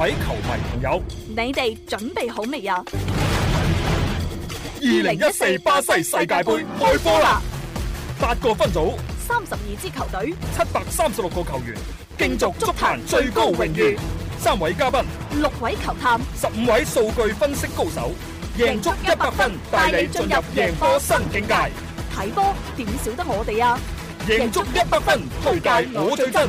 各位球迷朋友，你哋準備好未啊？二零一四巴西世界盃開波啦！八個分組，三十二支球隊，七百三十六個球員，競逐足壇最高榮譽。三位嘉賓，六位球探，十五位數據分析高手，贏足一百分，帶你進入贏波新境界。睇波點少得我哋啊？贏足一百分推介我最真。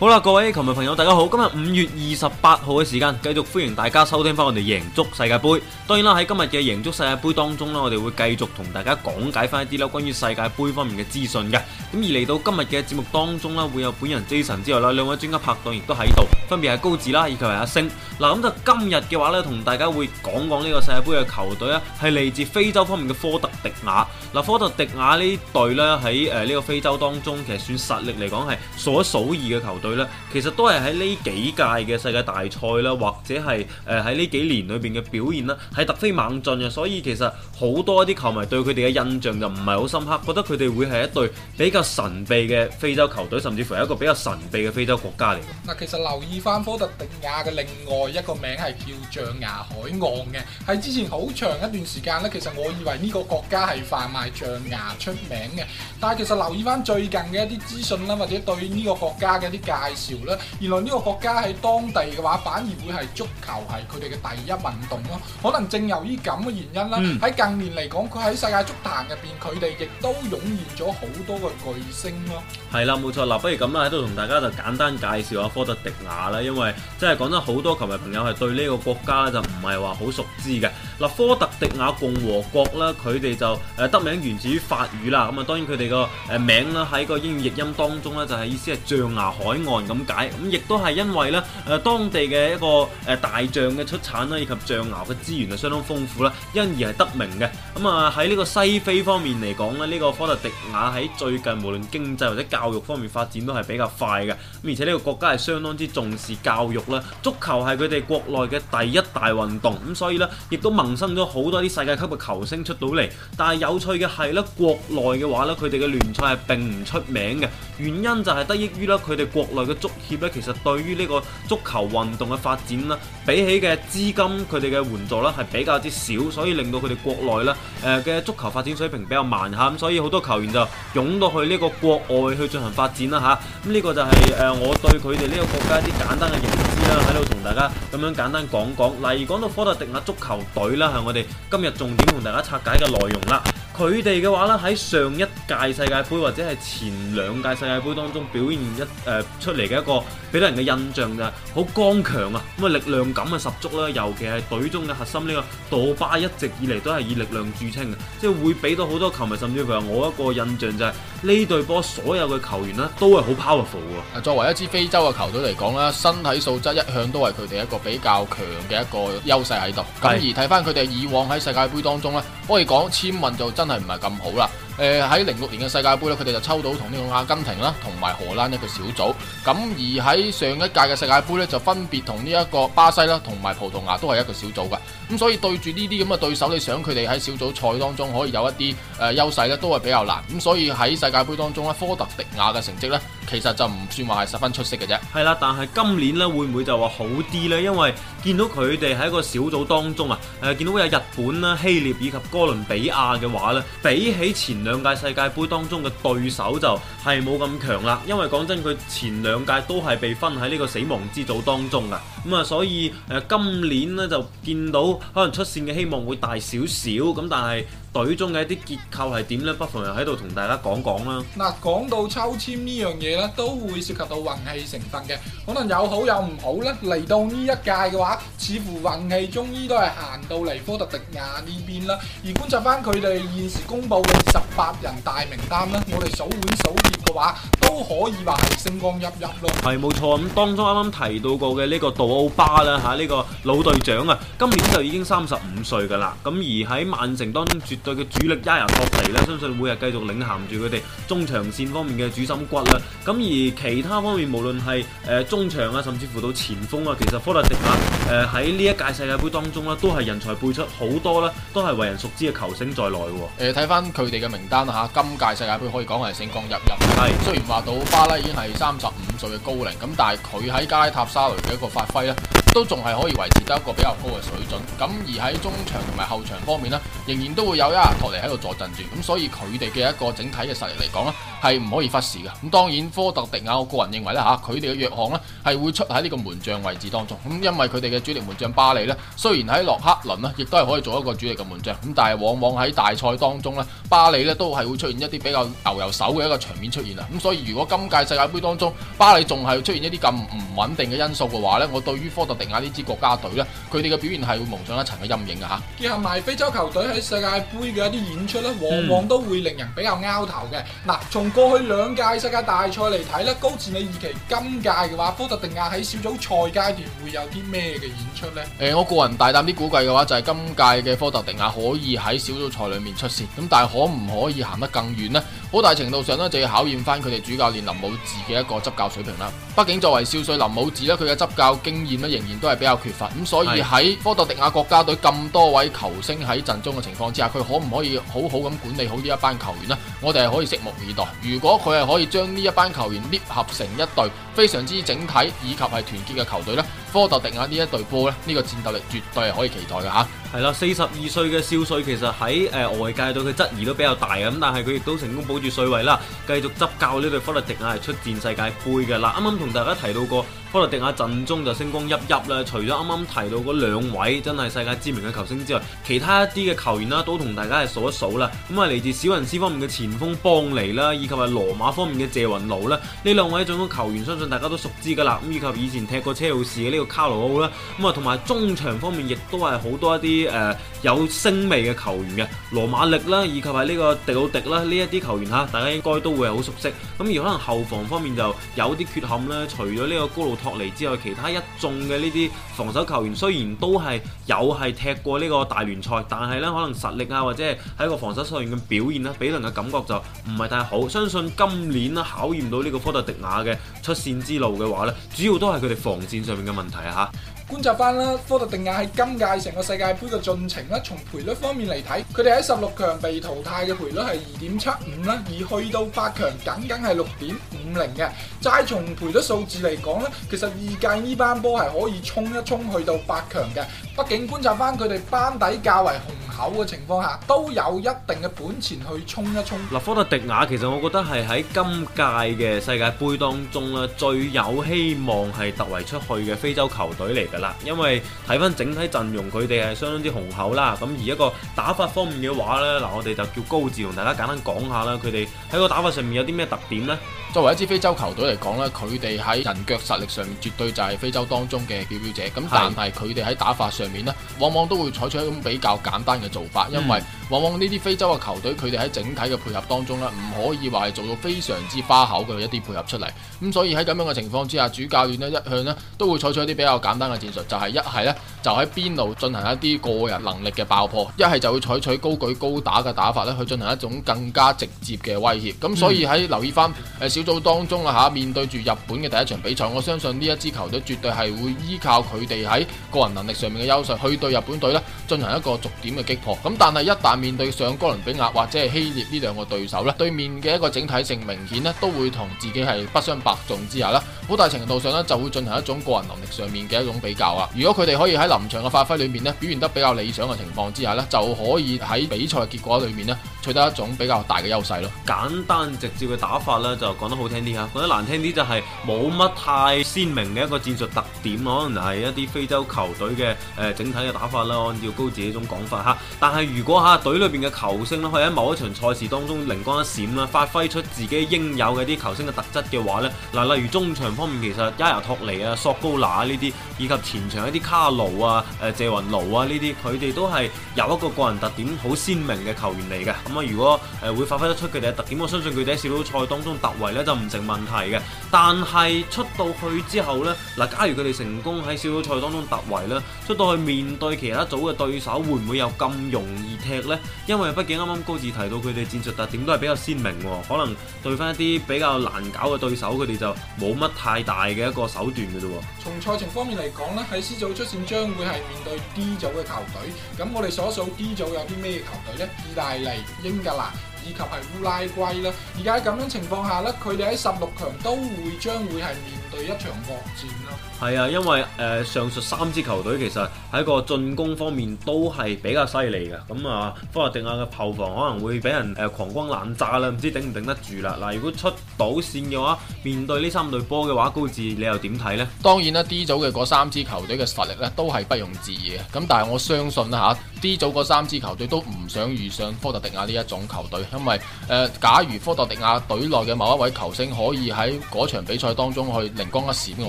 好啦，各位球迷朋友，大家好！今日五月二十八號嘅時間，繼續歡迎大家收聽翻我哋贏足世界杯。當然啦，喺今日嘅贏足世界杯當中咧，我哋會繼續同大家講解翻一啲啦關於世界杯方面嘅資訊嘅。咁而嚟到今日嘅節目當中咧，會有本人 Jason 之外啦，兩位專家拍檔亦都喺度，分別係高智啦，以及係阿星。嗱，咁就今日嘅話呢，同大家會講講呢個世界杯嘅球隊咧，係嚟自非洲方面嘅科特迪瓦。嗱，科特迪瓦呢隊呢，喺誒呢個非洲當中，其實算實力嚟講係數一數二嘅球隊。啦，其實都係喺呢幾屆嘅世界大賽啦，或者係誒喺呢幾年裏邊嘅表現啦，係突飛猛進嘅，所以其實好多一啲球迷對佢哋嘅印象就唔係好深刻，覺得佢哋會係一隊比較神秘嘅非洲球隊，甚至乎係一個比較神秘嘅非洲國家嚟。嗱，其實留意翻科特迪瓦嘅另外一個名係叫象牙海岸嘅，喺之前好長一段時間咧，其實我以為呢個國家係販賣象牙出名嘅，但係其實留意翻最近嘅一啲資訊啦，或者對呢個國家嘅一啲解介紹啦，原來呢個國家喺當地嘅話，反而會係足球係佢哋嘅第一運動咯。可能正由於咁嘅原因啦，喺、嗯、近年嚟講，佢喺世界足壇入邊，佢哋亦都湧現咗好多嘅巨星咯。係啦，冇錯，嗱，不如咁啦，喺度同大家就簡單介紹下科特迪瓦啦，因為真係講得好多球迷朋友係對呢個國家就唔係話好熟知嘅。嗱，科特迪瓦共和國啦，佢哋就誒得名源自於法語啦，咁啊當然佢哋個誒名啦喺個英語譯音當中咧就係、是、意思係象牙海岸。咁解，咁亦都係因為咧，誒當地嘅一個誒大象嘅出產啦，以及象牙嘅資源係相當豐富啦，因而係得名嘅。咁啊喺呢個西非方面嚟講咧，呢個科特迪瓦喺最近無論經濟或者教育方面發展都係比較快嘅，咁而且呢個國家係相當之重視教育啦，足球係佢哋國內嘅第一大運動，咁所以呢，亦都萌生咗好多啲世界級嘅球星出到嚟。但係有趣嘅係咧，國內嘅話咧，佢哋嘅聯賽係並唔出名嘅，原因就係得益於咧佢哋國內。個足協咧，其實對於呢個足球運動嘅發展啦，比起嘅資金佢哋嘅援助啦，係比較之少，所以令到佢哋國內咧誒嘅足球發展水平比較慢吓，咁所以好多球員就湧到去呢個國外去進行發展啦吓，咁、啊、呢、嗯這個就係、是、誒、呃、我對佢哋呢個國家一啲簡單嘅認知啦，喺度同大家咁樣簡單講講，例如講到科特迪瓦足球隊啦，係我哋今日重點同大家拆解嘅內容啦。佢哋嘅話咧，喺上一屆世界盃或者係前兩屆世界盃當中表現一誒、呃、出嚟嘅一個，俾到人嘅印象就係好剛強啊，咁啊力量感啊十足啦，尤其係隊中嘅核心呢、呢個杜巴一直以嚟都係以力量著稱嘅，即係會俾到好多球迷甚至乎係我一個印象就係、是、呢隊波所有嘅球員呢都係好 powerful 的。作為一支非洲嘅球隊嚟講咧，身體素質一向都係佢哋一個比較強嘅一個優勢喺度。咁而睇翻佢哋以往喺世界盃當中咧，可以講千萬就真。真係唔係咁好啦。誒喺零六年嘅世界杯咧，佢哋就抽到同呢個阿根廷啦，同埋荷蘭一個小組。咁而喺上一屆嘅世界杯咧，就分別同呢一個巴西啦，同埋葡萄牙都係一個小組嘅。咁所以對住呢啲咁嘅對手，你想佢哋喺小組賽當中可以有一啲誒、呃、優勢咧，都係比較難。咁所以喺世界杯當中咧，科特迪瓦嘅成績咧，其實就唔算話係十分出色嘅啫。係啦，但係今年咧會唔會就話好啲咧？因為見到佢哋喺一個小組當中啊，誒見到有日本啦、希臘以及哥倫比亞嘅話咧，比起前兩。兩屆世界盃當中嘅對手就係冇咁強啦，因為講真，佢前兩屆都係被分喺呢個死亡之組當中㗎。咁啊，所以誒今年咧就見到可能出線嘅希望會大少少，咁但係隊中嘅一啲結構係點咧？不妨又喺度同大家講講啦。嗱，講到抽籤呢樣嘢咧，都會涉及到運氣成分嘅，可能有好有唔好咧。嚟到呢一屆嘅話，似乎運氣終於都係行到嚟科特迪瓦呢邊啦。而觀察翻佢哋現時公佈嘅十八人大名單啦，我哋數碗數碟嘅話，都可以話係星光熠熠咯。係冇錯，咁當中啱啱提到過嘅呢個杜歐巴啦吓，呢個老隊長啊，今年就已經三十五歲噶啦，咁而喺曼城當中絕對嘅主力壓人落嚟呢，相信會係繼續領銜住佢哋中長線方面嘅主心骨啦。咁而其他方面，無論係誒中場啊，甚至乎到前鋒啊，其實科特迪瓦誒喺呢一屆世界杯當中呢，都係人才輩出，好多啦，都係為人熟知嘅球星在內。誒、呃，睇翻佢哋嘅名單啊，吓，今屆世界杯可以講係星光熠熠。係，雖然話到巴啦已經係三十。歲嘅高齡，咁但係佢喺加拉塔沙雷嘅一個發揮呢，都仲係可以維持得一個比較高嘅水準，咁而喺中場同埋後場方面呢，仍然都會有一阿托尼喺度坐陣住。咁所以佢哋嘅一個整體嘅實力嚟講呢，係唔可以忽視嘅，咁當然科特迪瓦，我個人認為咧嚇，佢哋嘅弱項咧係會出喺呢個門將位置當中，咁因為佢哋嘅主力門將巴里咧，雖然喺洛克倫呢亦都係可以做一個主力嘅門將，咁但係往往喺大賽當中咧，巴里咧都係會出現一啲比較牛油手嘅一個場面出現啊，咁所以如果今屆世界盃當中巴里仲係出現一啲咁唔穩定嘅因素嘅話咧，我對於科特迪瓦呢支國家隊咧，佢哋嘅表現係會蒙上一層嘅陰影嘅嚇。結合埋非洲球隊喺世界盃嘅一啲演出咧，往往都會令人比較拗頭嘅，嗱、嗯，過去兩屆世界大賽嚟睇咧，高志你預期今屆嘅話，科特迪亞喺小組賽階段會有啲咩嘅演出呢？誒、呃，我個人大膽啲估計嘅話，就係、是、今屆嘅科特迪亞可以喺小組賽裏面出線，咁但係可唔可以行得更遠呢？好大程度上咧，就要考驗翻佢哋主教練林武志嘅一個執教水平啦。畢竟作為少帥林武志咧，佢嘅執教經驗咧仍然都係比較缺乏。咁所以喺科特迪瓦國家隊咁多位球星喺陣中嘅情況之下，佢可唔可以好好咁管理好呢一班球員呢？我哋係可以拭目以待。如果佢係可以將呢一班球員捏合成一隊，非常之整體以及係團結嘅球隊咧。科特迪瓦呢一隊波咧，呢個戰鬥力絕對係可以期待嘅嚇。係啦，四十二歲嘅少帥其實喺誒外界對佢質疑都比較大嘅，咁但係佢亦都成功保住帥位啦，繼續執教呢隊科特迪瓦係出戰世界盃嘅。嗱，啱啱同大家提到過。科特迪瓦陣中就星光熠熠啦，除咗啱啱提到嗰兩位真係世界知名嘅球星之外，其他一啲嘅球員啦都同大家係數一數啦。咁啊，嚟自史雲斯方面嘅前鋒邦尼啦，以及係羅馬方面嘅謝雲奴啦，呢兩位總統球員相信大家都熟知㗎啦。咁以及以前踢過車路士嘅呢個卡魯奧啦，咁啊同埋中場方面亦都係好多一啲誒、呃、有星味嘅球員嘅，羅馬力啦，以及係呢個迪奧迪啦，呢一啲球員嚇大家應該都會好熟悉。咁而可能後防方面就有啲缺陷咧，除咗呢個高托尼之外，其他一眾嘅呢啲防守球員，雖然都係有係踢過呢個大聯賽，但係呢可能實力啊，或者係喺個防守上面嘅表現啦、啊，俾人嘅感覺就唔係太好。相信今年咧、啊、考驗到呢個科特迪瓦嘅出線之路嘅話呢，主要都係佢哋防線上面嘅問題嚇、啊。觀察翻啦，科特迪瓦喺今屆成個世界盃嘅進程啦，從賠率方面嚟睇，佢哋喺十六強被淘汰嘅賠率係二點七五啦，而去到八強僅僅係六點五零嘅。再從賠率數字嚟講咧，其實二屆呢班波係可以衝一衝去到八強嘅，畢竟觀察翻佢哋班底較為紅。好嘅情況下都有一定嘅本錢去衝一衝。嗱，科特迪瓦其實我覺得係喺今屆嘅世界盃當中咧，最有希望係突圍出去嘅非洲球隊嚟㗎啦。因為睇翻整體陣容，佢哋係相當之雄厚啦。咁而一個打法方面嘅話咧，嗱，我哋就叫高志同大家簡單講下啦。佢哋喺個打法上面有啲咩特點咧？作為一支非洲球隊嚟講咧，佢哋喺人腳實力上面絕對就係非洲當中嘅表表者。咁但係佢哋喺打法上面咧，往往都會採取一種比較簡單嘅做法，因為往往呢啲非洲嘅球隊，佢哋喺整體嘅配合當中呢，唔可以話係做到非常之花巧嘅一啲配合出嚟。咁所以喺咁樣嘅情況之下，主教練呢一向呢都會採取一啲比較簡單嘅戰術，就係一係呢就喺邊度進行一啲個人能力嘅爆破，一係就會採取高舉高打嘅打法呢去進行一種更加直接嘅威脅。咁所以喺留意翻，誒小組當中啦，吓，面對住日本嘅第一場比賽，我相信呢一支球隊絕對係會依靠佢哋喺個人能力上面嘅優勢，去對日本隊呢進行一個逐點嘅擊。咁、嗯、但係一旦面對上哥倫比亞或者係希臘呢兩個對手呢，對面嘅一個整體性明顯呢都會同自己係不相伯仲之下啦。好大程度上呢，就會進行一種個人能力上面嘅一種比較啊。如果佢哋可以喺臨場嘅發揮裏面呢，表現得比較理想嘅情況之下呢，就可以喺比賽嘅結果裏面呢取得一種比較大嘅優勢咯。簡單直接嘅打法呢，就講得好聽啲吓，講得難聽啲就係冇乜太鮮明嘅一個戰術特點，可能係一啲非洲球隊嘅誒、呃、整體嘅打法啦。按照高智呢種講法吓。但係如果嚇隊裏邊嘅球星咧，可以喺某一場賽事當中靈光一閃啦，發揮出自己應有嘅啲球星嘅特質嘅話呢，嗱，例如中場方面其實亞亞托尼啊、索高拿呢啲，以及前場一啲卡奴啊、誒謝雲奴啊呢啲，佢哋都係有一個個人特點好鮮明嘅球員嚟嘅。咁啊，如果誒會發揮得出佢哋嘅特點，我相信佢哋喺小組賽當中突圍呢就唔成問題嘅。但係出到去之後呢，嗱，假如佢哋成功喺小組賽當中突圍咧，出到去面對其他組嘅對手，會唔會有咁咁容易踢咧？因為畢竟啱啱高智提到佢哋戰術特點都係比較鮮明，可能對翻一啲比較難搞嘅對手，佢哋就冇乜太大嘅一個手段嘅啫。從賽程方面嚟講咧，喺 C 組出線將會係面對 D 組嘅球隊。咁我哋所屬 D 組有啲咩球隊咧？意大利、英格蘭以及係烏拉圭啦。而家咁樣情況下咧，佢哋喺十六強都會將會係面。對一場惡戰啦、啊，係啊，因為誒、呃、上述三支球隊其實喺個進攻方面都係比較犀利嘅，咁啊，科特迪瓦嘅後防可能會俾人誒、呃、狂轟濫炸啦，唔知頂唔頂得住啦。嗱、啊，如果出倒線嘅話，面對呢三隊波嘅話，高智你又點睇呢？當然啦，D 組嘅嗰三支球隊嘅實力咧都係不容置疑嘅，咁但係我相信啦吓、啊、D 組嗰三支球隊都唔想遇上科特迪瓦呢一種球隊，因為誒、呃、假如科特迪瓦隊內嘅某一位球星可以喺嗰場比賽當中去。靈光一閃嘅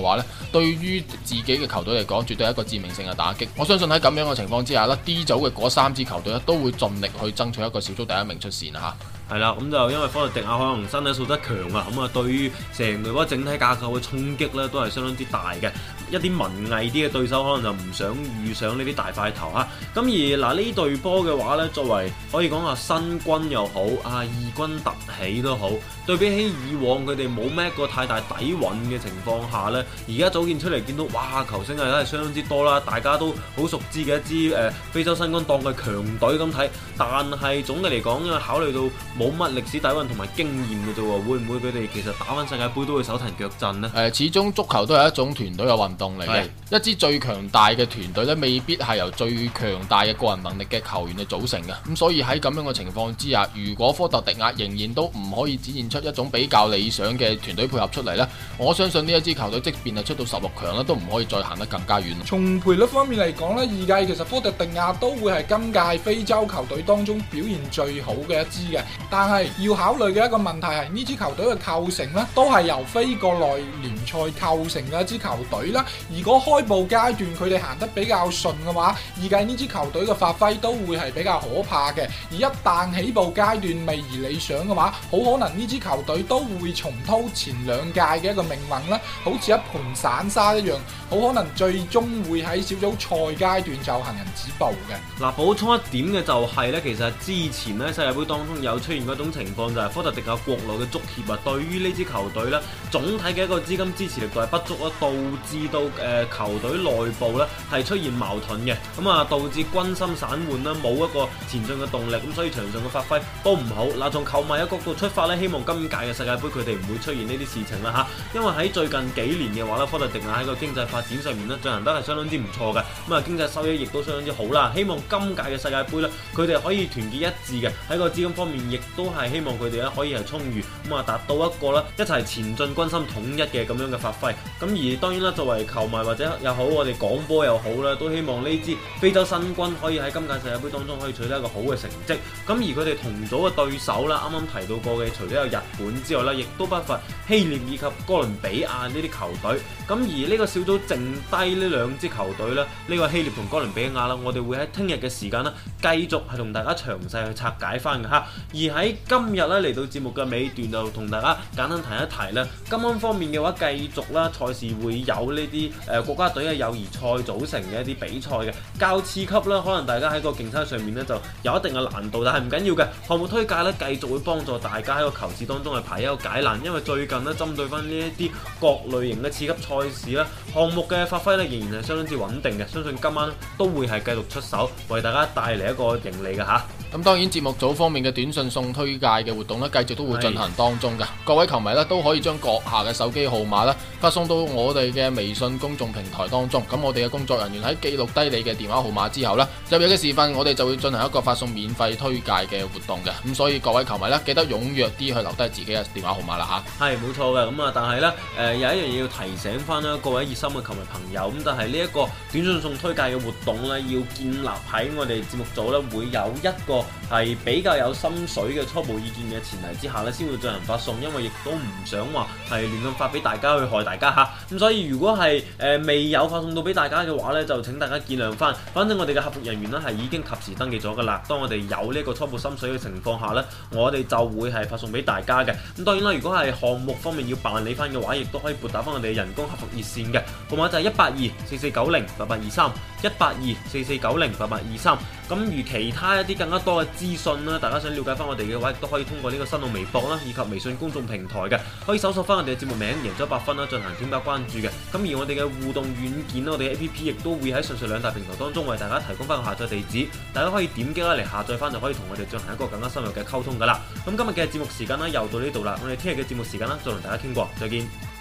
話咧，對於自己嘅球隊嚟講，絕對係一個致命性嘅打擊。我相信喺咁樣嘅情況之下呢，D 組嘅嗰三支球隊咧，都會盡力去爭取一個小組第一名出線嚇。係啦，咁就因為科特迪瓦可能身體素質強啊，咁啊對於成隊波整體架構嘅衝擊咧，都係相當之大嘅。一啲文藝啲嘅對手可能就唔想遇上呢啲大塊頭啊。咁而嗱呢隊波嘅話咧，作為可以講話新軍又好，啊異軍突起都好，對比起以往佢哋冇咩一個太大底蘊嘅情況下咧，而家組建出嚟見到哇球星係真係相當之多啦，大家都好熟知嘅一支誒非洲新軍當佢強隊咁睇，但係總嘅嚟講啊，因為考慮到冇乜歷史底藴同埋經驗嘅啫喎，會唔會佢哋其實打返世界盃都會手提腳震呢？誒，始終足球都係一種團隊嘅運動嚟嘅，一支最強大嘅團隊咧，未必係由最強大嘅個人能力嘅球員嚟組成嘅。咁所以喺咁樣嘅情況之下，如果科特迪瓦仍然都唔可以展現出一種比較理想嘅團隊配合出嚟呢，我相信呢一支球隊，即便係出到十六強呢，都唔可以再行得更加遠啦。從賠率方面嚟講呢，二屆其實科特迪瓦都會係今屆非洲球隊當中表現最好嘅一支嘅。但係要考慮嘅一個問題係呢支球隊嘅構成呢都係由非國內聯賽構成嘅一支球隊啦。如果開步階段佢哋行得比較順嘅話，預計呢支球隊嘅發揮都會係比較可怕嘅。而一旦起步階段未如理想嘅話，好可能呢支球隊都會重蹈前兩屆嘅一個命運啦，好似一盤散沙一樣，好可能最終會喺小組賽階段就行人止步嘅。嗱，補充一點嘅就係呢，其實之前呢，世界杯當中有出現。另一種情況就係、是、科特迪瓦國內嘅足協啊，對於呢支球隊呢，總體嘅一個資金支持力度係不足啦，導致到、呃、球隊內部呢係出現矛盾嘅，咁、嗯、啊導致軍心散換啦，冇一個前進嘅動力，咁所以場上嘅發揮都唔好。嗱，從購買嘅角度出發呢，希望今屆嘅世界盃佢哋唔會出現呢啲事情啦嚇。因為喺最近幾年嘅話呢，科特迪瓦喺個經濟發展上面呢，進行得係相當之唔錯嘅，咁、嗯、啊經濟收益亦都相當之好啦。希望今屆嘅世界盃呢，佢哋可以團結一致嘅喺個資金方面亦，都係希望佢哋咧可以係充裕，咁啊達到一個啦一齊前進、軍心統一嘅咁樣嘅發揮。咁而當然啦，作為球迷或者又好，我哋廣播又好啦，都希望呢支非洲新軍可以喺今屆世界杯當中可以取得一個好嘅成績。咁而佢哋同組嘅對手啦，啱啱提到過嘅，除咗有日本之外啦，亦都不乏希臘以及哥倫比亞呢啲球隊。咁而呢個小組剩低呢兩支球隊咧，呢個希臘同哥倫比亞啦，我哋會喺聽日嘅時間啦，繼續係同大家詳細去拆解翻嘅嚇。喺今日咧嚟到節目嘅尾段，就同大家簡單提一提啦。今晚方面嘅話，繼續啦，賽事會有呢啲誒國家隊嘅友誼賽組成嘅一啲比賽嘅較次級啦，可能大家喺個競爭上面咧就有一定嘅難度，但係唔緊要嘅。項目推介咧，繼續會幫助大家喺個球市當中去排憂解難，因為最近咧針對翻呢一啲各類型嘅次級賽事咧，項目嘅發揮咧仍然係相當之穩定嘅，相信今晚都會係繼續出手為大家帶嚟一個盈利嘅嚇。咁當然節目組方面嘅短信送推介嘅活動咧，繼續都會進行當中噶。各位球迷咧，都可以將閣下嘅手機號碼咧，發送到我哋嘅微信公眾平台當中。咁我哋嘅工作人員喺記錄低你嘅電話號碼之後呢，入夜嘅時分，我哋就會進行一個發送免費推介嘅活動嘅。咁所以各位球迷咧，記得踊躍啲去留低自己嘅電話號碼啦吓。係，冇錯嘅。咁啊，但係呢誒、呃，有一樣嘢，要提醒翻啦，各位熱心嘅球迷朋友。咁但係呢一個短信送推介嘅活動呢，要建立喺我哋節目組咧，會有一個係比較有心水。嘅初步意見嘅前提之下咧，先會進行發送，因為亦都唔想話係亂咁發俾大家去害大家吓。咁所以如果係誒、呃、未有發送到俾大家嘅話，呢就請大家見諒翻。反正我哋嘅客服人員呢係已經及時登記咗噶啦。當我哋有呢一個初步心水嘅情況下，呢我哋就會係發送俾大家嘅。咁當然啦，如果係項目方面要辦理翻嘅話，亦都可以撥打翻我哋嘅人工客服熱線嘅號碼，就係一八二四四九零八八二三一八二四四九零八八二三。咁如其他一啲更加多嘅資訊咧，大家想了解翻我哋嘅話，亦都可以通過呢個新浪微博啦，以及微信公眾平台嘅，可以搜索翻我哋嘅節目名，贏足百分啦，進行添加關注嘅。咁而我哋嘅互動軟件我哋 A P P 亦都會喺上述兩大平台當中為大家提供翻個下載地址，大家可以點擊啦嚟下載翻，就可以同我哋進行一個更加深入嘅溝通噶啦。咁今日嘅節目時間呢，又到呢度啦，我哋聽日嘅節目時間啦，再同大家傾過，再見。